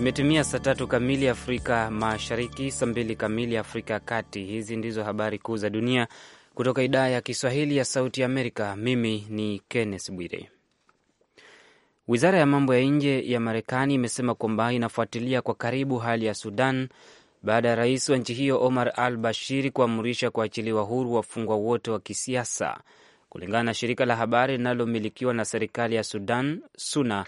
Imetimia saa tatu kamili Afrika Mashariki, saa mbili kamili Afrika ya Kati. Hizi ndizo habari kuu za dunia kutoka idhaa ya Kiswahili ya Sauti ya Amerika. Mimi ni Kenneth Bwire. Wizara ya mambo ya nje ya Marekani imesema kwamba inafuatilia kwa karibu hali ya Sudan baada ya rais wa nchi hiyo Omar al Bashir kuamrisha kuachiliwa huru wafungwa wote wa kisiasa, kulingana na shirika la habari linalomilikiwa na serikali ya Sudan, SUNA.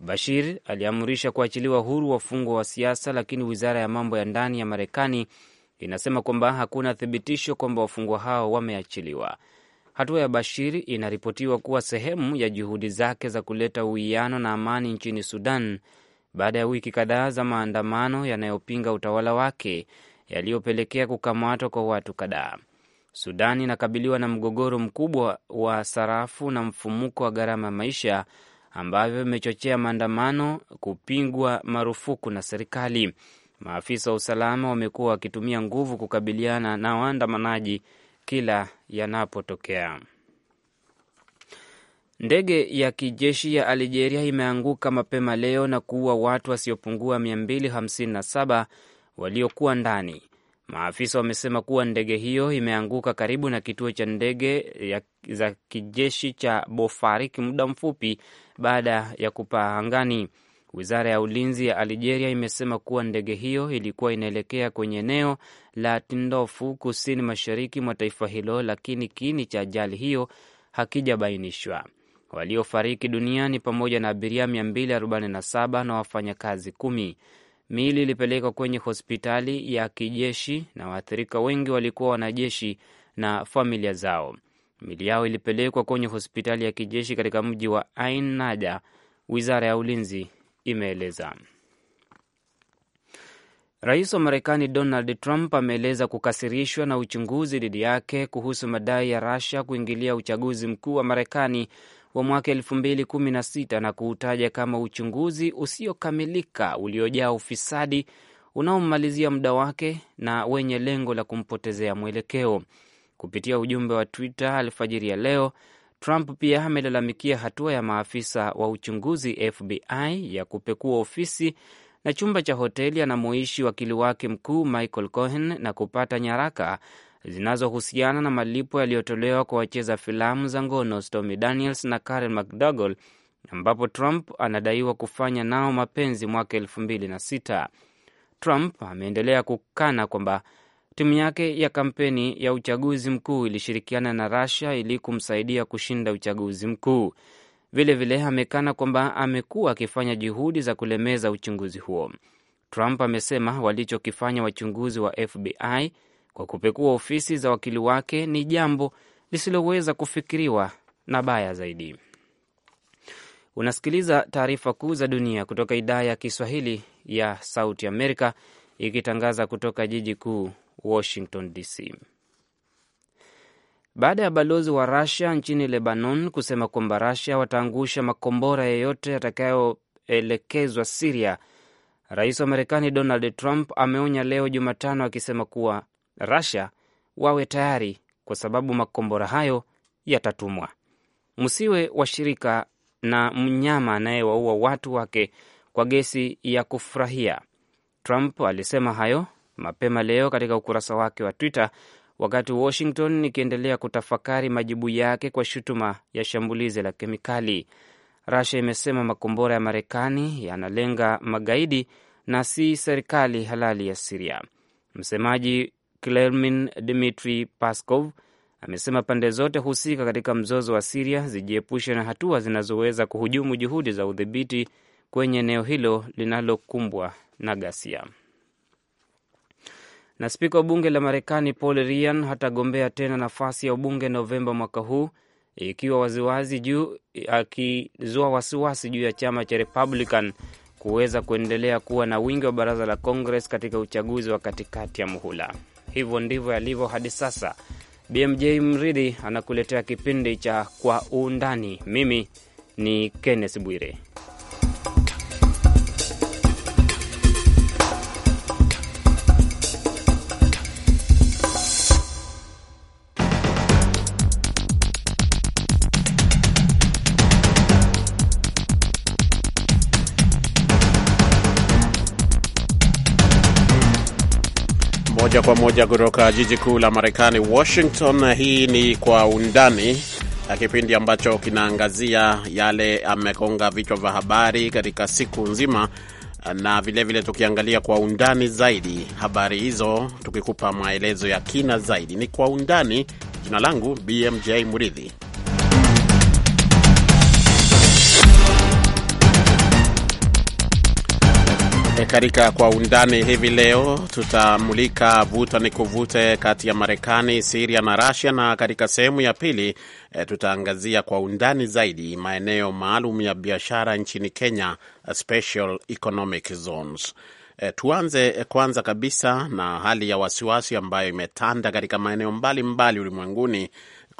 Bashir aliamrisha kuachiliwa huru wafungwa wa siasa, lakini wizara ya mambo ya ndani ya Marekani inasema kwamba hakuna thibitisho kwamba wafungwa hao wameachiliwa. Hatua ya Bashir inaripotiwa kuwa sehemu ya juhudi zake za kuleta uwiano na amani nchini Sudan baada ya wiki kadhaa za maandamano yanayopinga utawala wake yaliyopelekea kukamatwa kwa watu kadhaa. Sudan inakabiliwa na mgogoro mkubwa wa sarafu na mfumuko wa gharama ya maisha ambavyo vimechochea maandamano kupigwa marufuku na serikali. Maafisa wa usalama wamekuwa wakitumia nguvu kukabiliana na waandamanaji kila yanapotokea. Ndege ya kijeshi ya Algeria imeanguka mapema leo na kuua watu wasiopungua 257 waliokuwa ndani. Maafisa wamesema kuwa ndege hiyo imeanguka karibu na kituo cha ndege za kijeshi cha Bofarik muda mfupi baada ya kupaa angani. Wizara ya ulinzi ya Algeria imesema kuwa ndege hiyo ilikuwa inaelekea kwenye eneo la tindofu kusini mashariki mwa taifa hilo, lakini kiini cha ajali hiyo hakijabainishwa. Waliofariki dunia ni pamoja na abiria 247 na wafanyakazi kumi. Miili ilipelekwa kwenye hospitali ya kijeshi na waathirika wengi walikuwa wanajeshi na familia zao. Mili yao ilipelekwa kwenye hospitali ya kijeshi katika mji wa Ain Naja, wizara ya ulinzi imeeleza. Rais wa Marekani Donald Trump ameeleza kukasirishwa na uchunguzi dhidi yake kuhusu madai ya Russia kuingilia uchaguzi mkuu wa Marekani wa mwaka 2016 na kuutaja kama uchunguzi usiokamilika uliojaa ufisadi unaommalizia muda wake na wenye lengo la kumpotezea mwelekeo. Kupitia ujumbe wa Twitter alfajiri ya leo, Trump pia amelalamikia hatua ya maafisa wa uchunguzi FBI ya kupekua ofisi na chumba cha hoteli anamoishi wakili wake mkuu Michael Cohen na kupata nyaraka zinazohusiana na malipo yaliyotolewa kwa wacheza filamu za ngono Stormy Daniels na Karen McDougal, ambapo Trump anadaiwa kufanya nao mapenzi mwaka elfu mbili na sita. Trump ameendelea kukana kwamba Timu yake ya kampeni ya uchaguzi mkuu ilishirikiana na Russia ili kumsaidia kushinda uchaguzi mkuu. Vilevile amekana kwamba amekuwa akifanya juhudi za kulemeza uchunguzi huo. Trump amesema walichokifanya wachunguzi wa FBI kwa kupekua ofisi za wakili wake ni jambo lisiloweza kufikiriwa na baya zaidi. Unasikiliza taarifa kuu za dunia kutoka idhaa ya Kiswahili ya Sauti Amerika ikitangaza kutoka jiji kuu Washington DC. Baada ya balozi wa Rasia nchini Lebanon kusema kwamba Rasia wataangusha makombora yeyote yatakayoelekezwa Siria, rais wa Marekani Donald Trump ameonya leo Jumatano akisema kuwa Rasia wawe tayari kwa sababu makombora hayo yatatumwa. Msiwe washirika na mnyama anayewaua watu wake kwa gesi ya kufurahia, Trump alisema hayo mapema leo katika ukurasa wake wa Twitter wakati Washington ikiendelea kutafakari majibu yake kwa shutuma ya shambulizi la kemikali. rusia imesema makombora ya Marekani yanalenga magaidi na si serikali halali ya Siria. Msemaji Kremlin Dmitri paskov amesema pande zote husika katika mzozo wa Siria zijiepushe na hatua zinazoweza kuhujumu juhudi za udhibiti kwenye eneo hilo linalokumbwa na ghasia na spika wa bunge la Marekani Paul Ryan hatagombea tena nafasi ya ubunge Novemba mwaka huu, ikiwa waziwazi juu akizua wasiwasi juu ya chama cha Republican kuweza kuendelea kuwa na wingi wa baraza la Congress katika uchaguzi wa katikati ya muhula. Hivyo ndivyo yalivyo hadi sasa. BMJ Mridhi anakuletea kipindi cha Kwa Undani. Mimi ni Kenneth Bwire. pamoja kutoka jiji kuu la Marekani, Washington. Hii ni Kwa Undani, eh, kipindi ambacho kinaangazia yale amegonga vichwa vya habari katika siku nzima, eh, na vilevile vile tukiangalia kwa undani zaidi habari hizo, tukikupa maelezo ya kina zaidi. Ni Kwa Undani. Jina langu BMJ Muridhi. E, katika kwa undani hivi leo tutamulika vuta ni kuvute kati ya Marekani, Siria na Rasia, na katika sehemu ya pili e, tutaangazia kwa undani zaidi maeneo maalum ya biashara nchini Kenya, special economic zones. E, tuanze kwanza kabisa na hali ya wasiwasi ambayo imetanda katika maeneo mbalimbali ulimwenguni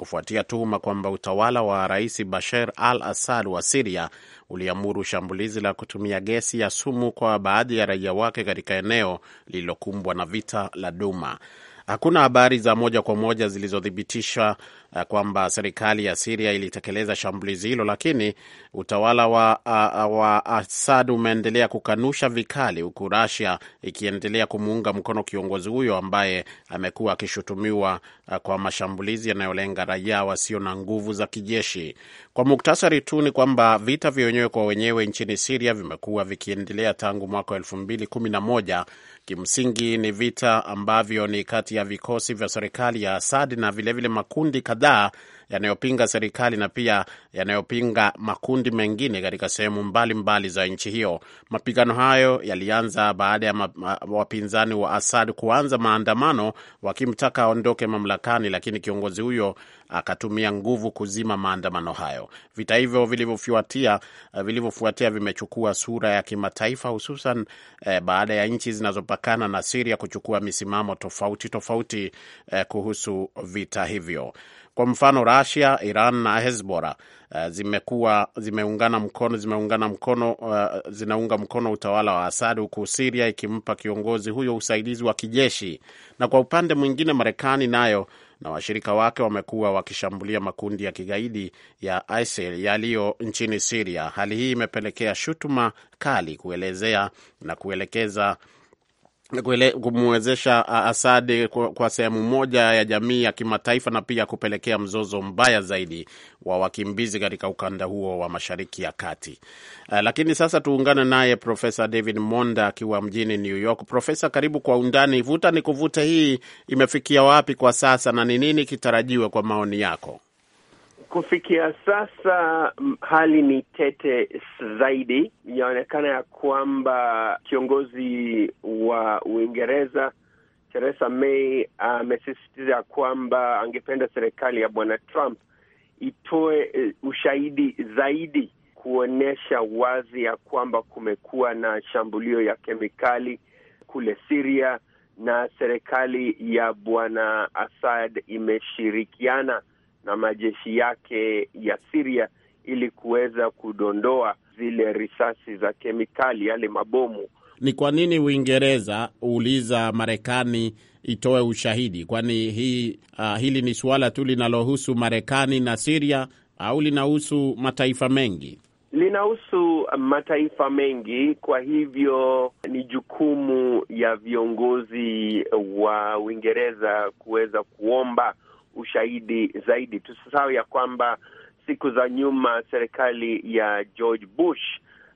kufuatia tuhuma kwamba utawala wa Rais Bashar al Assad wa Siria uliamuru shambulizi la kutumia gesi ya sumu kwa baadhi ya raia wake katika eneo lililokumbwa na vita la Duma. Hakuna habari za moja kwa moja zilizothibitisha Eh, kwamba serikali ya Siria ilitekeleza shambulizi hilo, lakini utawala wa, wa, wa Assad umeendelea kukanusha vikali, huku Russia ikiendelea kumuunga mkono kiongozi huyo ambaye amekuwa akishutumiwa eh, kwa mashambulizi yanayolenga raia wasio na nguvu za kijeshi. Kwa muktasari tu ni kwamba vita vya wenyewe kwa wenyewe nchini Siria vimekuwa vikiendelea tangu mwaka wa elfu mbili kumi na moja. Kimsingi ni vita ambavyo ni kati ya vikosi vya serikali ya Assad na vilevile vile makundi kadhaa yanayopinga serikali na pia yanayopinga makundi mengine katika sehemu mbalimbali za nchi hiyo. Mapigano hayo yalianza baada ya wapinzani wa Assad kuanza maandamano wakimtaka aondoke mamlakani, lakini kiongozi huyo akatumia nguvu kuzima maandamano hayo. Vita hivyo vilivyofuatia eh, vilivyofuatia vimechukua sura ya kimataifa hususan eh, baada ya nchi zinazopakana na Siria kuchukua misimamo tofauti tofauti eh, kuhusu vita hivyo. Kwa mfano Russia, Iran na Hezbollah uh, zimekuwa zimeungana mkono zimeungana mkono uh, zinaunga mkono utawala wa Assad, huku siria ikimpa kiongozi huyo usaidizi wa kijeshi. Na kwa upande mwingine, Marekani nayo na washirika wake wamekuwa wakishambulia makundi ya kigaidi ya ISIL yaliyo nchini siria Hali hii imepelekea shutuma kali kuelezea na kuelekeza kumwezesha Asadi kwa, kwa sehemu moja ya jamii ya kimataifa na pia kupelekea mzozo mbaya zaidi wa wakimbizi katika ukanda huo wa Mashariki ya Kati. Uh, lakini sasa tuungane naye Profesa David Monda akiwa mjini New York. Profesa, karibu kwa undani. Vuta ni kuvute hii imefikia wapi kwa sasa na ni nini kitarajiwe kwa maoni yako? Kufikia sasa hali ni tete zaidi. Inaonekana ya kwamba kiongozi wa Uingereza Theresa May amesisitiza uh, kwamba angependa serikali ya bwana Trump itoe uh, ushahidi zaidi kuonyesha wazi ya kwamba kumekuwa na shambulio ya kemikali kule Siria na serikali ya bwana Assad imeshirikiana na majeshi yake ya Siria ili kuweza kudondoa zile risasi za kemikali, yale mabomu. Ni kwa nini Uingereza huuliza Marekani itoe ushahidi? Kwani hii uh, hili ni suala tu linalohusu Marekani na Siria au linahusu mataifa mengi? Linahusu mataifa mengi, kwa hivyo ni jukumu ya viongozi wa Uingereza kuweza kuomba ushahidi zaidi. Tusisahau ya kwamba siku za nyuma serikali ya George Bush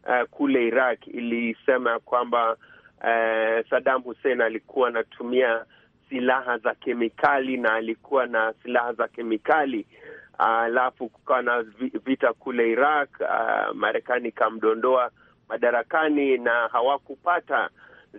uh, kule Iraq ilisema ya kwamba uh, Saddam Hussein alikuwa anatumia silaha za kemikali na alikuwa na silaha za kemikali alafu uh, kukawa na vita kule Iraq uh, Marekani ikamdondoa madarakani na hawakupata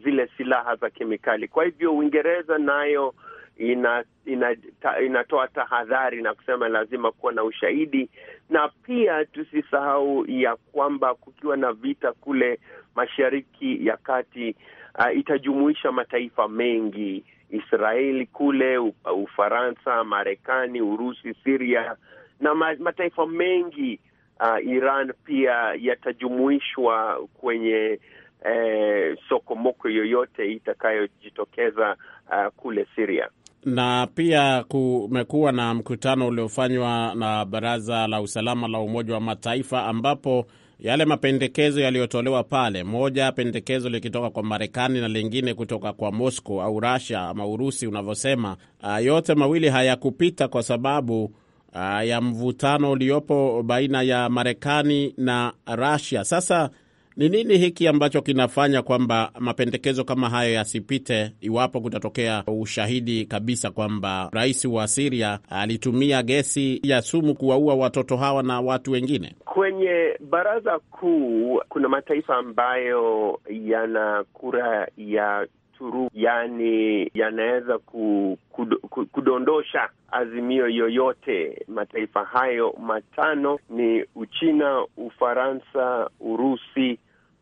zile silaha za kemikali. Kwa hivyo Uingereza nayo ina, ina, ta, inatoa tahadhari na kusema lazima kuwa na ushahidi, na pia tusisahau ya kwamba kukiwa na vita kule Mashariki ya Kati uh, itajumuisha mataifa mengi Israeli kule, Ufaransa, Marekani, Urusi, Siria na mataifa mengi uh, Iran pia yatajumuishwa kwenye eh, sokomoko yoyote itakayojitokeza uh, kule Siria na pia kumekuwa na mkutano uliofanywa na Baraza la Usalama la Umoja wa Mataifa ambapo yale mapendekezo yaliyotolewa pale, moja pendekezo likitoka kwa Marekani na lingine kutoka kwa Moscow au rasia ama Urusi unavyosema, ah, yote mawili hayakupita kwa sababu ah, ya mvutano uliopo baina ya Marekani na rasia Sasa ni nini hiki ambacho kinafanya kwamba mapendekezo kama hayo yasipite iwapo kutatokea ushahidi kabisa kwamba rais wa Siria alitumia gesi ya sumu kuwaua watoto hawa na watu wengine? Kwenye baraza kuu kuna mataifa ambayo yana kura ya turu, yani yanaweza ku, kudo, kudondosha azimio yoyote. Mataifa hayo matano ni Uchina, Ufaransa, Urusi,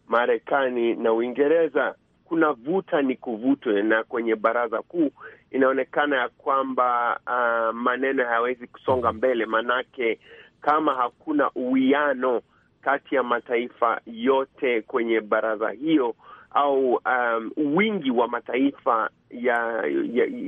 Marekani na Uingereza kuna vuta ni kuvutwe, na kwenye baraza kuu inaonekana ya kwamba uh, maneno hayawezi kusonga mbele, manake kama hakuna uwiano kati ya mataifa yote kwenye baraza hiyo au um, wingi wa mataifa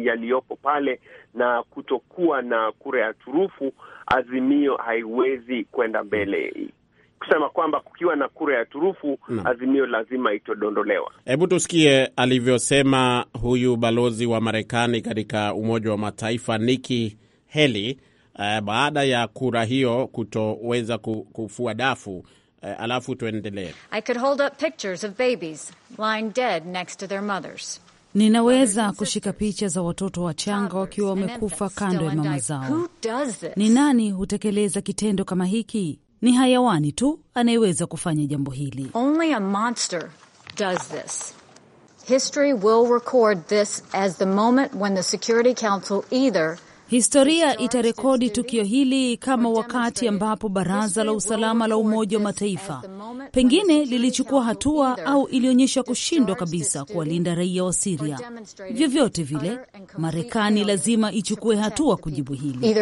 yaliyopo ya, ya pale na kutokuwa na kura ya turufu, azimio haiwezi kwenda mbele kusema kwamba kukiwa na kura ya turufu no. Azimio lazima itodondolewa. Hebu tusikie alivyosema huyu balozi wa Marekani katika Umoja wa Mataifa Nikki Haley uh, baada ya kura hiyo kutoweza kufua dafu uh, alafu tuendelee. I could hold up pictures of babies lying dead next to their mothers. Ninaweza kushika picha za watoto wachanga wakiwa wamekufa kando ya mama zao. Ni nani hutekeleza kitendo kama hiki? Ni hayawani tu anayeweza kufanya jambo hili. Only a monster does this. History will record this as the moment when the Security Council either Historia itarekodi tukio hili kama wakati ambapo Baraza la Usalama la Umoja wa Mataifa pengine lilichukua hatua au ilionyesha kushindwa kabisa kuwalinda raia wa Siria. Vyovyote vile, Marekani lazima ichukue hatua kujibu hili.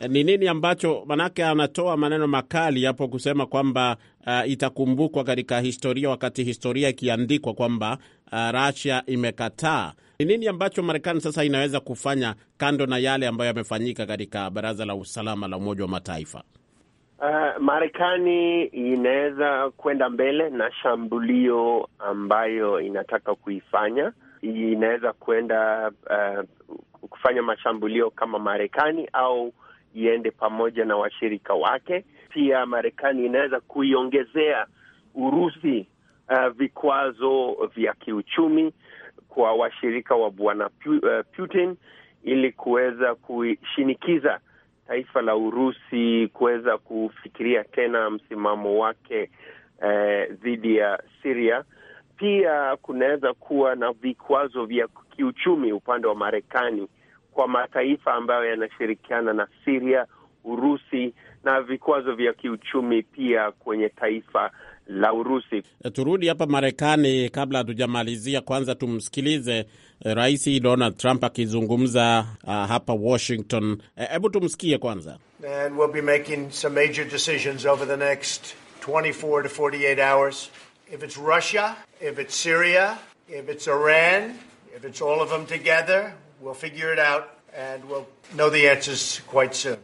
Eh, ni nini ambacho manake, anatoa maneno makali hapo kusema kwamba uh, itakumbukwa katika historia, wakati historia ikiandikwa kwamba uh, Russia imekataa ni nini ambacho Marekani sasa inaweza kufanya kando na yale ambayo yamefanyika katika Baraza la Usalama la Umoja wa Mataifa? Uh, Marekani inaweza kwenda mbele na shambulio ambayo inataka kuifanya. Inaweza kwenda uh, kufanya mashambulio kama Marekani au iende pamoja na washirika wake. Pia Marekani inaweza kuiongezea Urusi uh, vikwazo vya kiuchumi kwa washirika wa bwana uh, Putin ili kuweza kushinikiza taifa la Urusi kuweza kufikiria tena msimamo wake uh, dhidi eh, ya Siria. Pia kunaweza kuwa na vikwazo vya kiuchumi upande wa Marekani kwa mataifa ambayo yanashirikiana na Siria, Urusi, na vikwazo vya kiuchumi pia kwenye taifa la Urusi. Eh, turudi hapa Marekani kabla hatujamalizia. Kwanza tumsikilize eh, Rais Donald Trump akizungumza uh, hapa Washington. Eh, hebu e, tumsikie kwanza. And we'll be making some major decisions over the next 24 to 48 hours. If it's Russia, if it's Syria, if it's Iran, if it's all of them together, we'll figure it out and we'll know the answers quite soon.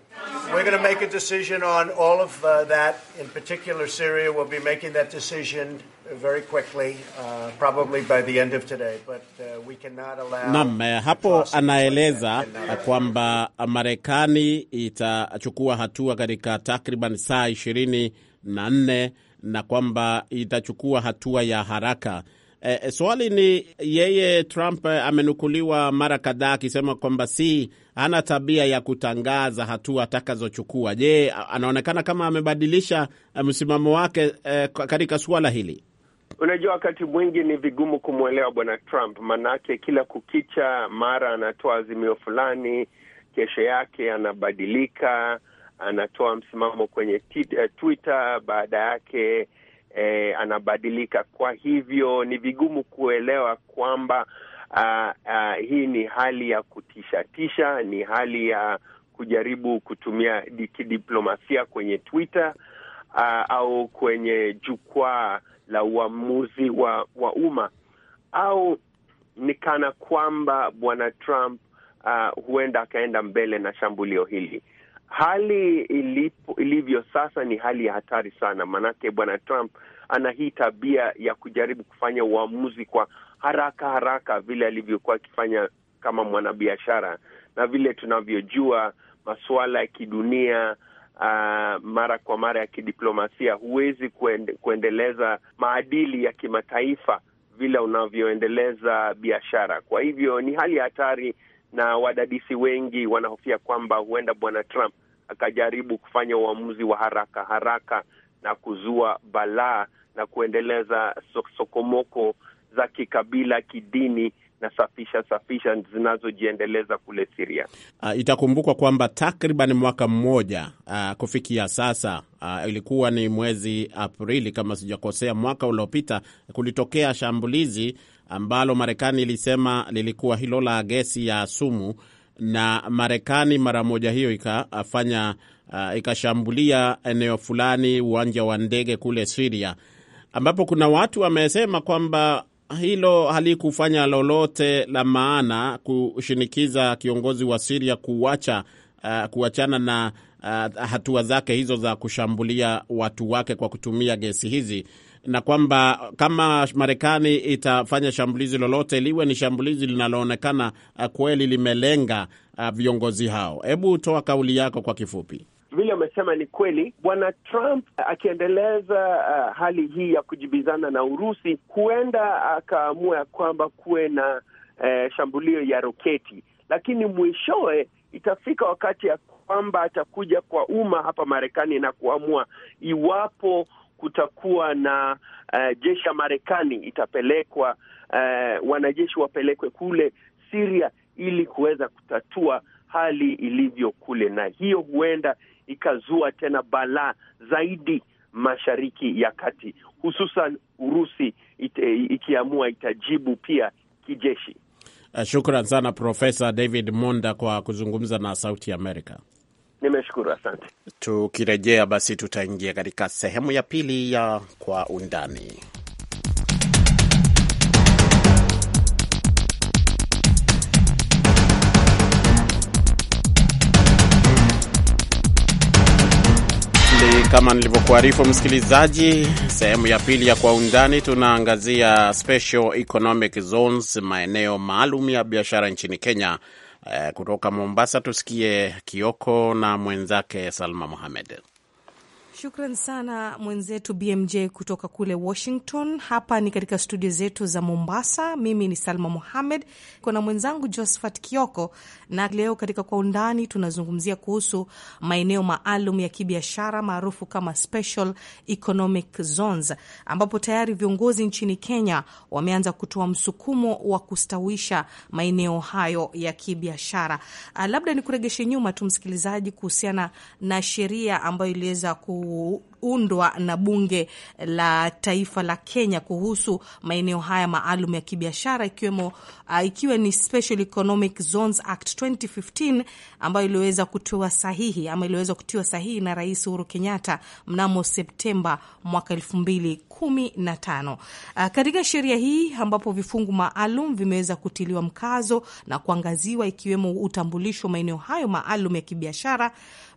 We're going to make a decision on all of uh, that. In particular, Syria will be making that decision very quickly, uh, probably by the end of today, but uh, we cannot allow. Naam, eh, hapo anaeleza kwamba Marekani itachukua hatua katika takriban saa ishirini na nne na kwamba itachukua hatua ya haraka E, swali ni yeye, Trump eh, amenukuliwa mara kadhaa akisema kwamba si hana tabia ya kutangaza hatua atakazochukua. Je, anaonekana kama amebadilisha msimamo wake e, katika suala hili? Unajua, wakati mwingi ni vigumu kumwelewa bwana Trump, maanake kila kukicha, mara anatoa azimio fulani, kesho yake anabadilika, anatoa msimamo kwenye Twitter, baada yake eh, anabadilika. Kwa hivyo ni vigumu kuelewa kwamba uh, uh, hii ni hali ya kutishatisha, ni hali ya kujaribu kutumia kidiplomasia kwenye Twitter uh, au kwenye jukwaa la uamuzi wa, wa umma au ni kana kwamba bwana Trump uh, huenda akaenda mbele na shambulio hili. Hali ilipo, ilivyo sasa ni hali ya hatari sana, maanake bwana Trump ana hii tabia ya kujaribu kufanya uamuzi kwa haraka haraka, vile alivyokuwa akifanya kama mwanabiashara, na vile tunavyojua masuala ya kidunia Uh, mara kwa mara ya kidiplomasia huwezi kuende, kuendeleza maadili ya kimataifa vile unavyoendeleza biashara. Kwa hivyo ni hali ya hatari na wadadisi wengi wanahofia kwamba huenda bwana Trump akajaribu kufanya uamuzi wa haraka haraka na kuzua balaa na kuendeleza sokomoko za kikabila, kidini na safisha safisha zinazojiendeleza kule Siria. Uh, ah, itakumbukwa kwamba takriban mwaka mmoja uh, kufikia sasa uh, ilikuwa ni mwezi Aprili kama sijakosea, mwaka uliopita kulitokea shambulizi ambalo Marekani ilisema lilikuwa hilo la gesi ya sumu, na Marekani mara moja hiyo ikafanya uh, ikashambulia eneo fulani, uwanja wa ndege kule Siria, ambapo kuna watu wamesema kwamba hilo halikufanya lolote la maana kushinikiza kiongozi wa Siria kuacha uh, kuachana na uh, hatua zake hizo za kushambulia watu wake kwa kutumia gesi hizi na kwamba kama Marekani itafanya shambulizi lolote liwe ni shambulizi linaloonekana uh, kweli limelenga uh, viongozi hao. Hebu toa kauli yako kwa kifupi. Vile amesema ni kweli, bwana Trump uh, akiendeleza uh, hali hii ya kujibizana na Urusi, huenda akaamua ya kwamba kuwe na uh, shambulio ya roketi, lakini mwishowe itafika wakati ya kwamba atakuja kwa umma hapa Marekani na kuamua iwapo kutakuwa na uh, jeshi ya Marekani itapelekwa, uh, wanajeshi wapelekwe kule Siria ili kuweza kutatua hali ilivyo kule, na hiyo huenda ikazua tena balaa zaidi mashariki ya kati, hususan Urusi ite, ikiamua itajibu pia kijeshi. Eh, shukran sana Profesa David Monda kwa kuzungumza na Sauti Amerika. Nimeshukuru, asante. Tukirejea basi, tutaingia katika sehemu ya pili ya kwa undani. Kama nilivyokuarifu msikilizaji, sehemu ya pili ya kwa undani tunaangazia special economic zones, maeneo maalum ya biashara nchini Kenya Eh, kutoka Mombasa tusikie Kioko na mwenzake Salma Mohamed. Shukran sana mwenzetu BMJ kutoka kule Washington. Hapa ni katika studio zetu za Mombasa. Mimi ni Salma muhamed kuna mwenzangu Josephat Kioko, na leo katika Kwa Undani tunazungumzia kuhusu maeneo maalum ya kibiashara maarufu kama Special Economic Zones, ambapo tayari viongozi nchini Kenya wameanza kutoa msukumo wa kustawisha maeneo hayo ya kibiashara. Ah, labda nikuregeshe nyuma tu msikilizaji, kuhusiana na sheria ambayo iliweza ku kuundwa na bunge la taifa la Kenya kuhusu maeneo haya maalum ya kibiashara ikiwemo uh, ikiwa ni Special Economic Zones Act 2015 ambayo iliweza kutiwa sahihi ama iliweza kutiwa sahihi na Rais Uhuru Kenyatta mnamo Septemba mwaka 2015. Uh, katika sheria hii ambapo vifungu maalum vimeweza kutiliwa mkazo na kuangaziwa ikiwemo utambulisho wa maeneo hayo maalum ya kibiashara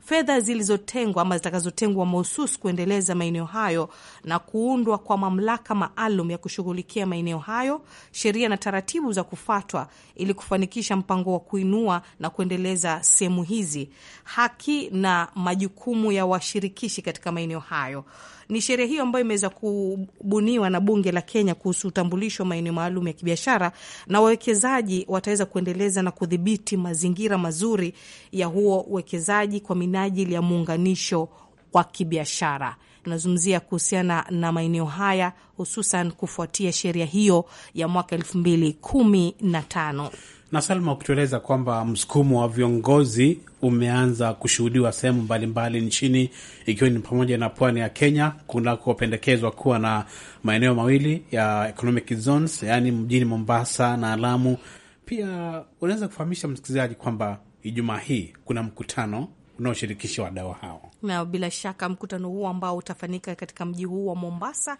fedha zilizotengwa ama zitakazotengwa mahusus kuendeleza maeneo hayo na kuundwa kwa mamlaka maalum ya kushughulikia maeneo hayo, sheria na taratibu za kufuatwa ili kufanikisha mpango wa kuinua na kuendeleza sehemu hizi, haki na majukumu ya washirikishi katika maeneo hayo ni sheria hiyo ambayo imeweza kubuniwa na bunge la Kenya kuhusu utambulisho wa maeneo maalum ya kibiashara, na wawekezaji wataweza kuendeleza na kudhibiti mazingira mazuri ya huo uwekezaji kwa minajili ya muunganisho wa kibiashara. Nazungumzia kuhusiana na maeneo haya hususan kufuatia sheria hiyo ya mwaka elfu mbili kumi na tano. Na Salma, ukitueleza kwamba msukumo wa viongozi umeanza kushuhudiwa sehemu mbalimbali nchini ikiwa ni pamoja na pwani ya Kenya kunakopendekezwa kuwa na maeneo mawili ya economic zones, yaani mjini Mombasa na Lamu. Pia unaweza kufahamisha msikilizaji kwamba Ijumaa hii kuna mkutano unaoshirikisha wadau hao. Na bila shaka mkutano huu ambao utafanyika katika mji huu wa Mombasa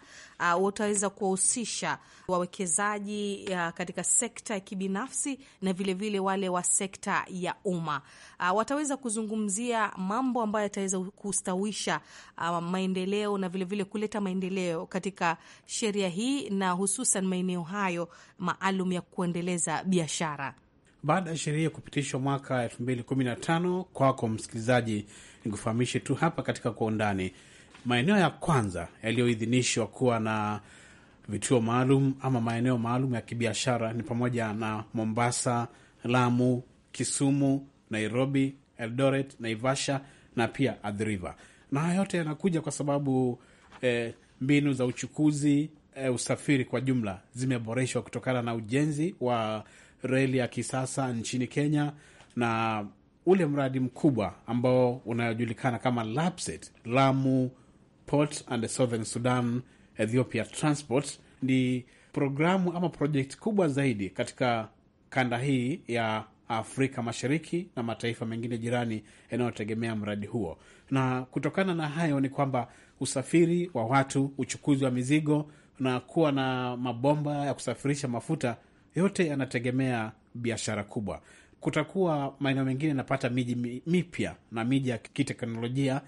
uh, utaweza kuwahusisha wawekezaji uh, katika sekta ya kibinafsi na vilevile vile wale wa sekta ya umma uh, wataweza kuzungumzia mambo ambayo yataweza kustawisha uh, maendeleo na vilevile vile kuleta maendeleo katika sheria hii na hususan maeneo hayo maalum ya kuendeleza biashara baada ya sheria kupitishwa mwaka 2015. Kwako msikilizaji, nikufahamishe tu hapa katika kwa undani, maeneo ya kwanza yaliyoidhinishwa kuwa na vituo maalum ama maeneo maalum ya kibiashara ni pamoja na Mombasa, Lamu, Kisumu, Nairobi, Eldoret, Naivasha na pia Athi Na haya yote yanakuja kwa sababu eh, mbinu za uchukuzi eh, usafiri kwa jumla zimeboreshwa kutokana na ujenzi wa reli ya kisasa nchini Kenya na ule mradi mkubwa ambao unajulikana kama LAPSET, Lamu Port and Southern Sudan Ethiopia Transport, ni programu ama projekti kubwa zaidi katika kanda hii ya Afrika Mashariki na mataifa mengine jirani yanayotegemea mradi huo. Na kutokana na hayo ni kwamba usafiri wa watu, uchukuzi wa mizigo na kuwa na mabomba ya kusafirisha mafuta yote yanategemea biashara kubwa. Kutakuwa maeneo mengine inapata miji mipya na miji ya kiteknolojia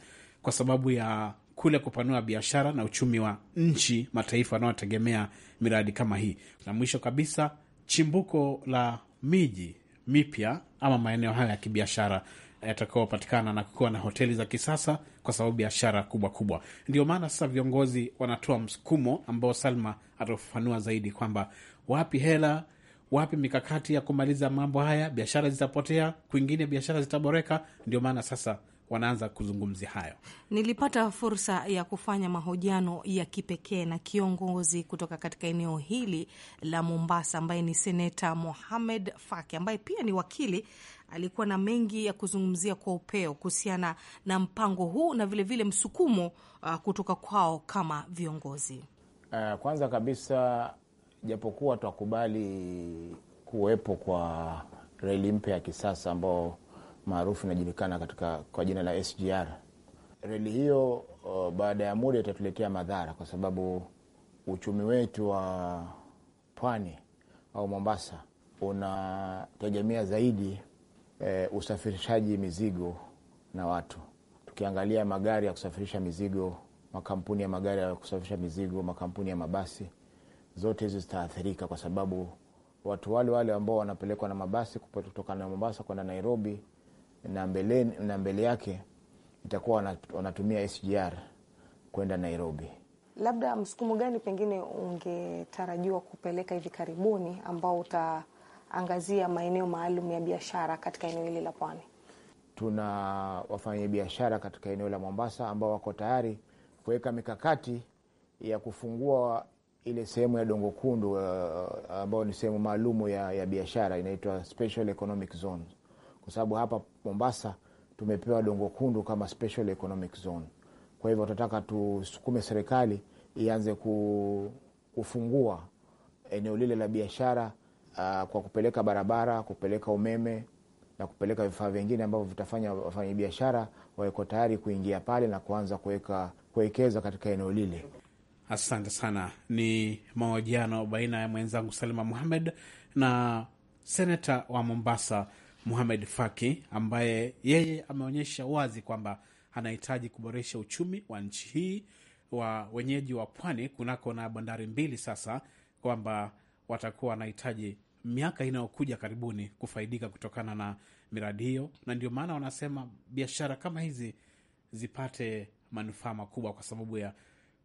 kwa sababu ya kule kupanua biashara na uchumi wa nchi, mataifa yanayotegemea miradi kama hii. Na mwisho kabisa, chimbuko la miji mipya ama maeneo haya ya kibiashara yatakaopatikana na kukiwa na hoteli za kisasa, kwa sababu biashara kubwa kubwa. Ndio maana sasa viongozi wanatoa msukumo ambao Salma atafafanua zaidi kwamba wapi hela wapi mikakati ya kumaliza mambo haya, biashara zitapotea, kwingine biashara zitaboreka. Ndio maana sasa wanaanza kuzungumzia hayo. Nilipata fursa ya kufanya mahojiano ya kipekee na kiongozi kutoka katika eneo hili la Mombasa ambaye ni Seneta Mohamed Faki ambaye pia ni wakili alikuwa na mengi ya kuzungumzia kwa upeo kuhusiana na mpango huu na vilevile vile msukumo uh, kutoka kwao kama viongozi. Uh, kwanza kabisa, japokuwa twakubali kuwepo kwa reli mpya ya kisasa ambao maarufu inajulikana katika kwa jina la SGR. Reli hiyo uh, baada ya muda itatuletea madhara kwa sababu uchumi wetu wa pwani au Mombasa unategemea zaidi e, usafirishaji mizigo na watu. Tukiangalia magari ya kusafirisha mizigo, makampuni ya magari ya kusafirisha mizigo, makampuni ya mabasi, zote hizo zitaathirika kwa sababu watu wale wale ambao wanapelekwa na mabasi kutoka na Mombasa kwenda Nairobi na mbele, na mbele yake itakuwa wanatumia SGR kwenda Nairobi. Labda msukumo gani pengine ungetarajiwa kupeleka hivi karibuni ambao utaangazia maeneo maalum ya biashara katika eneo hili la pwani? Tuna wafanyabiashara katika eneo la Mombasa ambao wako tayari kuweka mikakati ya kufungua ile sehemu ya Dongo Kundu uh, ambayo ni sehemu maalumu ya, ya biashara inaitwa Special Economic Zone, kwa sababu hapa Mombasa tumepewa Dongo Kundu kama special economic zone. Kwa hivyo tunataka tusukume serikali ianze kufungua eneo lile la biashara uh, kwa kupeleka barabara, kupeleka umeme na kupeleka vifaa vingine ambavyo vitafanya wafanya biashara waweko tayari kuingia pale na kuanza kuweka kuwekeza katika eneo lile. Asante sana. Ni mahojiano baina ya mwenzangu Salima Muhamed na seneta wa Mombasa Muhamed Faki ambaye yeye ameonyesha wazi kwamba anahitaji kuboresha uchumi wa nchi hii wa wenyeji wa pwani kunako na bandari mbili sasa, kwamba watakuwa wanahitaji miaka inayokuja karibuni kufaidika kutokana na miradi hiyo, na ndio maana wanasema biashara kama hizi zipate manufaa makubwa, kwa sababu ya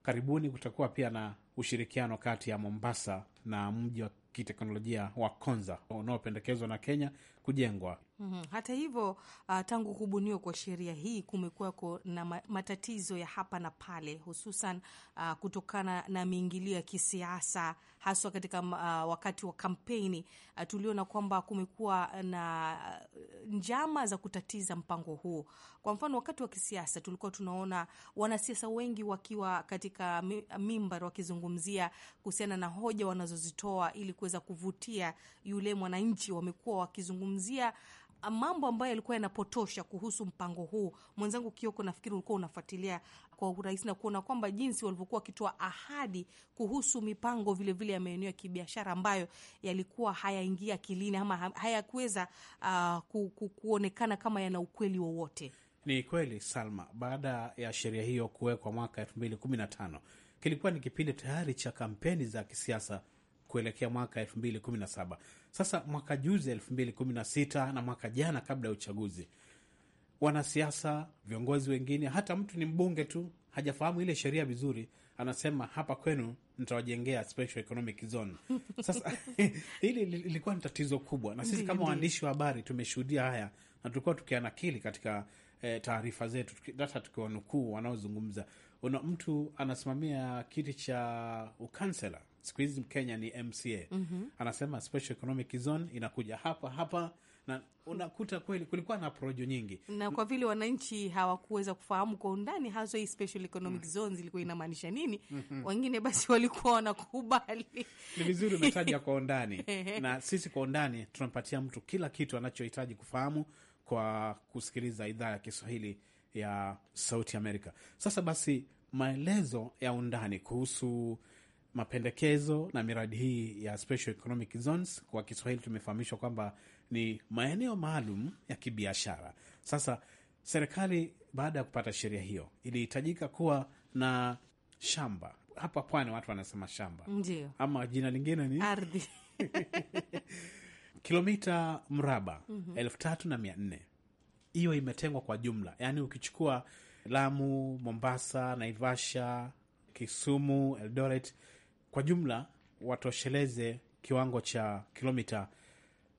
karibuni kutakuwa pia na ushirikiano kati ya Mombasa na mji wa kiteknolojia wa Konza unaopendekezwa na Kenya kujengwa. Mm-hmm. Hata hivyo uh, tangu kubuniwa kwa sheria hii kumekuwako na matatizo ya hapa na pale, hususan uh, kutokana na miingilio ya kisiasa haswa katika uh, wakati wa kampeni uh, tuliona kwamba kumekuwa na njama za kutatiza mpango huu. Kwa mfano, wakati wa kisiasa tulikuwa tunaona wanasiasa wengi wakiwa katika mimbar wakizungumzia kuhusiana na hoja wanazozitoa ili kuweza kuvutia yule mwananchi, wamekuwa wakizungumzia kuzungumzia uh, mambo ambayo yalikuwa yanapotosha kuhusu mpango huu. Mwenzangu Kioko, nafikiri ulikuwa unafuatilia kwa urahisi na kuona kwamba jinsi walivyokuwa wakitoa ahadi kuhusu mipango vilevile vile ya maeneo ya kibiashara ambayo yalikuwa hayaingia akilini ama hayakuweza uh, ku, kuonekana kama yana ukweli wowote. Ni kweli Salma, baada ya sheria hiyo kuwekwa mwaka elfu mbili kumi na tano kilikuwa ni kipindi tayari cha kampeni za kisiasa kuelekea mwaka elfu mbili kumi na saba sasa mwaka juzi elfu mbili kumi na sita na mwaka jana kabla ya uchaguzi, wanasiasa, viongozi wengine, hata mtu ni mbunge tu hajafahamu ile sheria vizuri, anasema hapa kwenu nitawajengea special economic zone. Sasa hili lilikuwa ni tatizo kubwa, na sisi kama waandishi wa habari tumeshuhudia haya na tulikuwa tukianakili katika e, taarifa zetu hata tukiwanukuu wanaozungumza. Una mtu anasimamia kiti cha ukansela siku hizi Kenya ni MCA mm -hmm. Anasema special economic zone inakuja hapa hapa na unakuta kweli kulikuwa na projo nyingi, na kwa vile wananchi hawakuweza kufahamu kwa undani hasa hii special economic mm. zone zilikuwa inamaanisha nini mm -hmm. Wengine basi walikuwa wanakubali. Ni vizuri umetaja kwa undani na sisi kwa undani tunampatia mtu kila kitu anachohitaji kufahamu kwa kusikiliza idhaa ya Kiswahili ya Sauti Amerika. Sasa basi maelezo ya undani kuhusu mapendekezo na miradi hii ya Special Economic Zones kwa Kiswahili tumefahamishwa kwamba ni maeneo maalum ya kibiashara. Sasa serikali baada ya kupata sheria hiyo ilihitajika kuwa na shamba hapa pwani, watu wanasema shamba, ndio ama jina lingine ni ardhi kilomita mraba mm -hmm. elfu tatu na mia nne hiyo imetengwa kwa jumla, yaani ukichukua Lamu, Mombasa, Naivasha, Kisumu, Eldoret kwa jumla watosheleze kiwango cha kilomita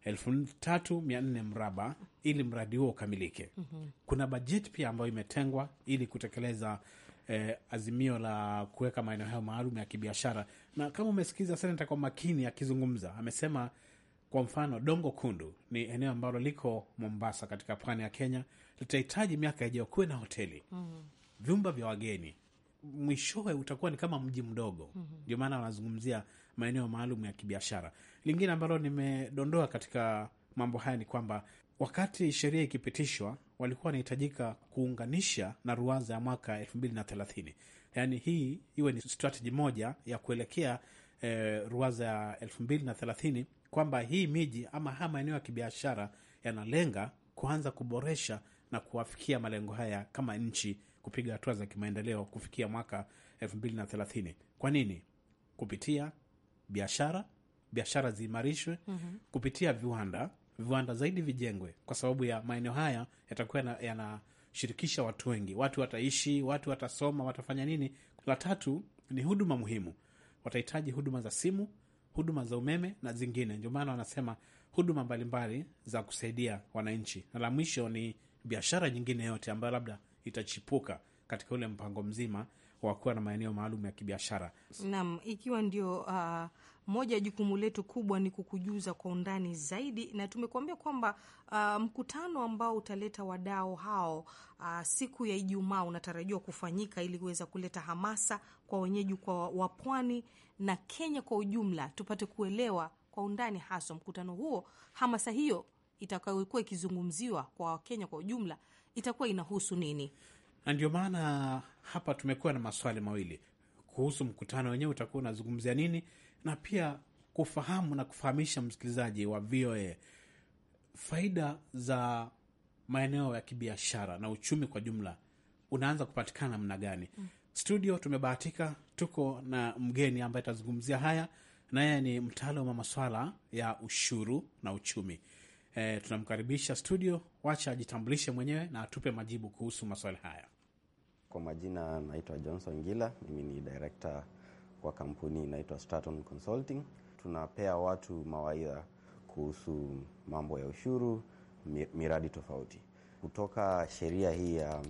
elfu tatu mia nne mraba ili mradi huo ukamilike. mm -hmm. Kuna bajeti pia ambayo imetengwa ili kutekeleza eh, azimio la kuweka maeneo hayo maalum ya kibiashara, na kama umesikiza senata kwa makini akizungumza, amesema kwa mfano Dongo Kundu ni eneo ambalo liko Mombasa katika pwani ya Kenya, litahitaji miaka ijayo kuwe na hoteli mm -hmm. vyumba vya wageni mwishowe utakuwa ni kama mji mdogo. Ndio mm -hmm. maana wanazungumzia maeneo maalum ya kibiashara. Lingine ambalo nimedondoa katika mambo haya ni kwamba wakati sheria ikipitishwa walikuwa wanahitajika kuunganisha na ruwaza ya mwaka elfu mbili na thelathini yaani hii iwe ni strateji moja ya kuelekea e, ruwaza ya elfu mbili na thelathini kwamba hii miji ama haya maeneo ya kibiashara yanalenga kuanza kuboresha na kuwafikia malengo haya kama nchi kupiga hatua za kimaendeleo kufikia mwaka 2030. Kwa nini? Kupitia biashara, biashara ziimarishwe, mm -hmm. kupitia viwanda, viwanda zaidi vijengwe, kwa sababu ya maeneo haya yatakuwa yanashirikisha watu wengi. Watu wataishi, watu watasoma, watafanya nini. La tatu ni huduma muhimu, watahitaji huduma za simu, huduma za umeme na zingine. Ndio maana wanasema huduma mbalimbali za kusaidia wananchi, na la mwisho ni biashara nyingine yote ambayo labda itachipuka katika ule mpango mzima wa kuwa na maeneo maalum ya kibiashara. Naam, ikiwa ndio uh, moja ya jukumu letu kubwa ni kukujuza kwa undani zaidi, na tumekuambia kwamba uh, mkutano ambao utaleta wadau hao uh, siku ya Ijumaa unatarajiwa kufanyika ili kuweza kuleta hamasa kwa wenyeji kwa wa pwani na Kenya kwa ujumla, tupate kuelewa kwa undani haswa mkutano huo, hamasa hiyo itakayokuwa ikizungumziwa kwa Wakenya kwa ujumla itakuwa inahusu nini? Na ndio maana hapa tumekuwa na maswali mawili kuhusu mkutano wenyewe utakuwa unazungumzia nini, na pia kufahamu na kufahamisha msikilizaji wa VOA faida za maeneo ya kibiashara na uchumi kwa jumla unaanza kupatikana namna gani? Mm. Studio tumebahatika tuko na mgeni ambaye atazungumzia haya, na yeye ni mtaalamu wa maswala ya ushuru na uchumi e, tunamkaribisha studio, wacha ajitambulishe mwenyewe na atupe majibu kuhusu maswali haya. Kwa majina naitwa Johnson Gila, mimi ni direkta kwa kampuni inaitwa Straton Consulting. Tunapea watu mawaidha kuhusu mambo ya ushuru, miradi tofauti kutoka sheria hii ya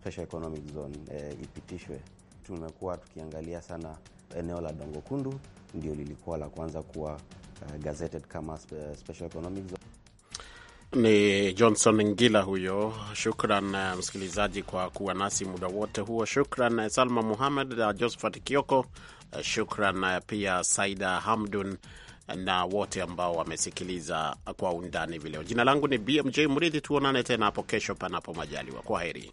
Special Economic Zone e, ipitishwe. Tumekuwa tukiangalia sana eneo la Dongo Kundu, ndio lilikuwa la kwanza kuwa uh, gazetted kama Special Economic Zone. Ni Johnson Ngila huyo. Shukran eh, msikilizaji kwa kuwa nasi muda wote huo. Shukran eh, Salma Muhamed na josephat Kioko. Eh, shukran pia Saida Hamdun na wote ambao wamesikiliza kwa undani vileo. Jina langu ni BMJ Mridhi, tuonane tena hapo kesho, panapo majaliwa. Kwa heri.